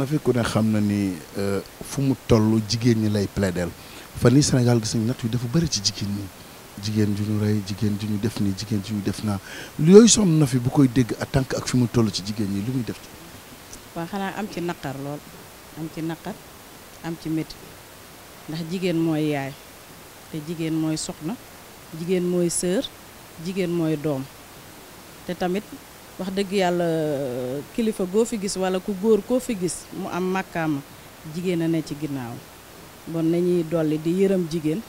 na fi ku ne xam na ni euh, fu mu tollu jigéen ñi lay plaidel fan yi Sénégal gis nañ natt yi dafa bari ci jigéen ñi jigéen ju ñu rey jigéen ju ñu def nii jigéen ju ñu def naa yooyu soxna na fi bu koy dégg à tànk ak fi mu toll ci jigéen ñi lu muy def ci waaw xanaa am ci naqar lool am ci naqar am ci métti ndax jigéen mooy yaay te jigéen mooy soxna jigéen mooy sœur jigéen mooy doom te tamit wax deug yalla kilifa go fi gis wala ku góor ko fi gis mu am makam jigen na ne ci ginnaaw bon nañi dolli di yërëm jigen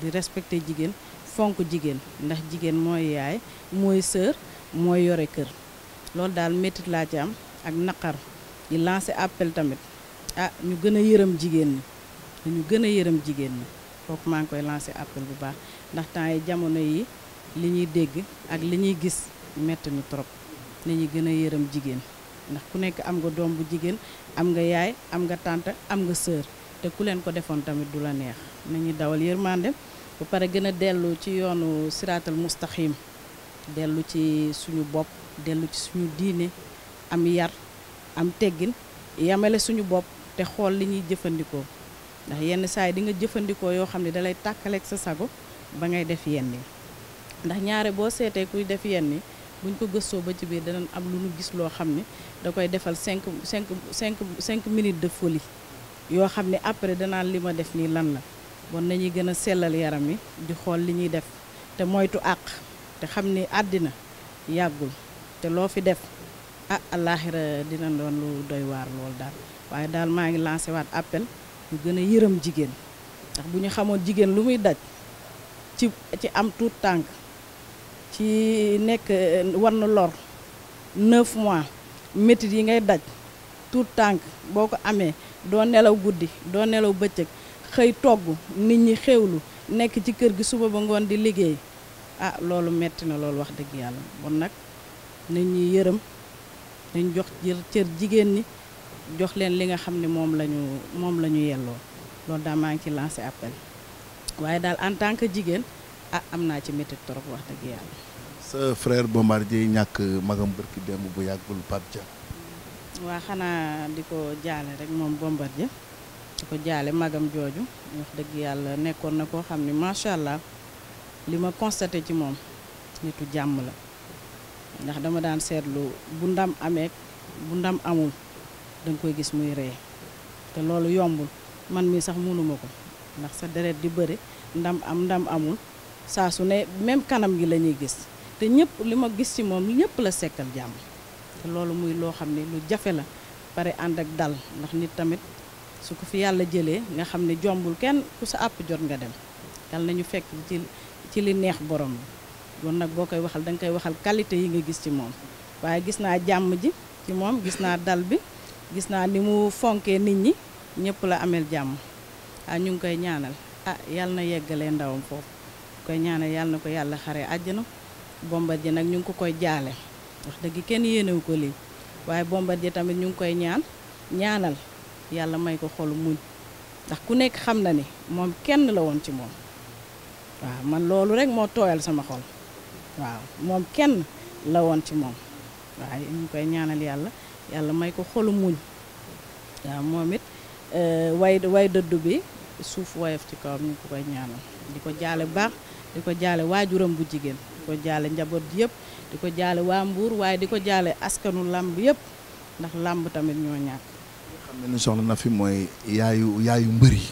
di respecter jigen fonk jigen ndax jigen moy yaay moy sœur moy yoré kër lool dal metti la ci am ak nakar di lancer appel tamit ah ñu gëna a jigen jigéen ñu gëna a jigen jigéen ñi kooku ngi koy lancer appel bu baax ndax tan yi jamono yi liñuy dégg ak liñuy gis metti ñu trop nañu gën a yërëm jigéen ndax ku nekk am nga doom bu jigéen am nga yaay am nga tante am nga sœur te ku leen ko defoon tamit du la neex nañu dawal yërmande ba pare gën a dellu ci yoonu siraatal mustaxim dellu ci suñu bopp dellu ci suñu diine am yar am teggin yamale suñu bopp te xool li ñuy jëfandikoo ndax yenn saa yi di nga jëfandikoo yoo xam ne dalay tàkkaleeg sa sago ba ngay def yenn yi ndax ñaare boo seetee kuy def yenn yi buñ ko gëstoo ba ci biir danañ am lu ñu gis loo xam ne da koy defal cinq cinq cinq cinq minutes de folie yoo xam ne après danaan li ma def nii lan la bon nañuy gën a sellal yaram wi di xool li ñuy def te moytu àq te xam ni àddina yàggul te loo fi def ah àllaaxira dina doon lu doy waar lool daal waaye daal maa ngi lancé waat appel ñu gën a yërëm jigéen ndax bu ñu xamoon jigéen lu muy daj ci ci am tuut tànk ci nekk euh, war na lor neuf mois métit yi ngay daj tout tànk boo ko amee doo nelaw guddi doo nelaw bëccëg xëy togg nit ñi xewlu nekk ci kër gi suba ba ngoon di liggéey ah loolu metti na loolu wax dëgg yàlla bon nag nit ñi yërëm nañ jox jër cër jigéen ñi jox leen li nga xam ne moom lañu moom la ñu yelloo loolu daal maa ngi ci lancé appel waaye daal en tant que jigéen ah am naa ci métti trop wax dëgg yàlla sa frère Bombardier ñak magam bërki dem bu yagul papja wa waa diko di rek mom Bombardier diko jale magam joju wax deug yalla nekkon na ko xamni machallah lima constater ci mom nitu jàmm la ndax dama daan setlu bu ndam amé bu ndam amul dang koy gis muy ree te loolu yombul man mi sax mënuma ndax sa deret di bëri ndam am ndam amul sa su ne même kanam gi lañuy gis te ñëpp li ma gis ci moom ñëpp la sekkal jàmm te loolu muy loo xam ne lu jafe la pare ànd ak dal ndax nit tamit su ko fi yàlla jëlee nga xam ne jombul kenn ku sa àpp jot nga dem na ñu fekk ci ci li neex borom bi kon nag boo koy waxal da koy waxal qualité yi nga gis ci moom waaye gis naa jàmm ji ci moom gis naa dal bi gis naa ni mu fonkee nit ñi ñëpp la ameel jàmm ah ñu ngi koy ñaanal a ah, yàlla na yeggalee ndawam foofu koy ñaanal yàlla na ko yàlla xaree àjjana bombar Bombardier nag ñu ngi ko koy jaale wax dëgg kenn yéenewu ko lii waaye bombar ji tamit ñu ngi koy ñaan ñaanal yàlla may ko xolu muñ ndax ku nekk xam na ni moom kenn la woon ci moom waaw man loolu rek moo tooyal sama xol waaw moom kenn la woon ci moom ñu koy ñaanal yàlla yàlla may ko xolu muñ moom it euh, way way dëddu bi suuf woyof ci kawam ñu ngi ko koy ñaanal di ko jaale baax di ko jaale waajuram bu jigéen di ko jaale njaboot yëpp di ko jaale waa Mbuur waaye di ko jaale askanu làmb yëpp ndax làmb tamit ñoo ñàkk. xam ni soxna na fi mooy yaayu yaayu mbër yi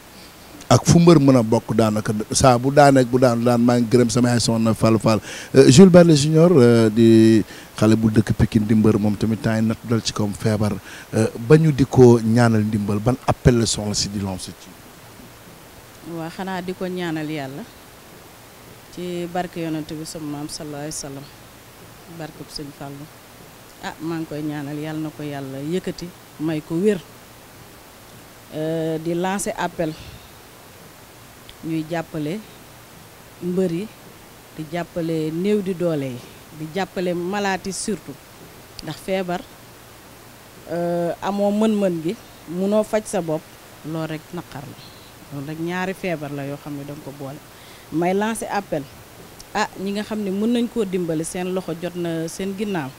ak fu mbër mën a bokk daanaka saa bu daaneek bu daan daan maa ngi gërëm sama yaay soxna Fallou Fall euh, Jules Baldé Junior euh, di xale bu dëkk Pikine di mbër moom tamit temps yi natt dal ci kawam feebar euh, ba ñu di ko ñaanal ndimbal ban appel la soxna si di lancé ci. waa xanaa di ko ñaanal yàlla. ci barke yonent bi sama maam sallallahu alayhi wa sallam barke bu sëñ Fàllu ah maa ngi koy ñaanal yàlla na ko yàlla yëkkati may ko wér eh, di lancé appel ñuy jàppale mbër yi di jàppale néew di doole yi di jàppale malaati surtout ndax feebar eh, amoo mën-mën gi munoo faj sa bopp loolu rek naqar la loolu rek ñaari feebar la yoo xam ne danga ko boole may lancé appel ah ñi nga xam ne mën nañ koo dimbali seen loxo jot na seen ginnaaw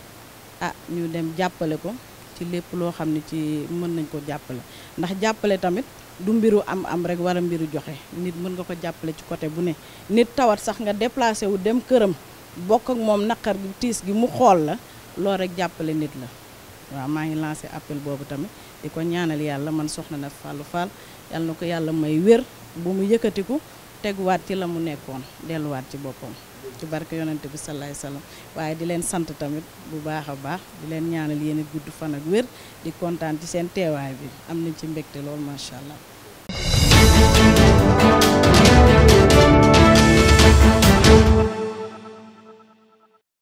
ah ñu dem jàppale ko ci lépp loo xam ne ci mën nañ ko jàppale ndax jàppale tamit du mbiru am am rek wala mbiru joxe nit mën nga ko jàppale ci côté bu ne nit tawat sax nga déplacé wu dem këram bokk ak moom naqar gi tiis gi mu xool la loolu rek jàppale nit la waaw maa ngi lancé appel boobu tamit di ko ñaanal yàlla man soxna na Fallou Fall yàlla na ko yàlla may wér bu mu teguwaat ci la mu nekkoon delluwaat ci boppam ci barke yonent bi salaay waaye di leen sant tamit bu baax a baax di leen ñaanal yéen gudd fan ak wér di kontaan ci seen teewaay bi am nañ ci mbégte lool macha allah.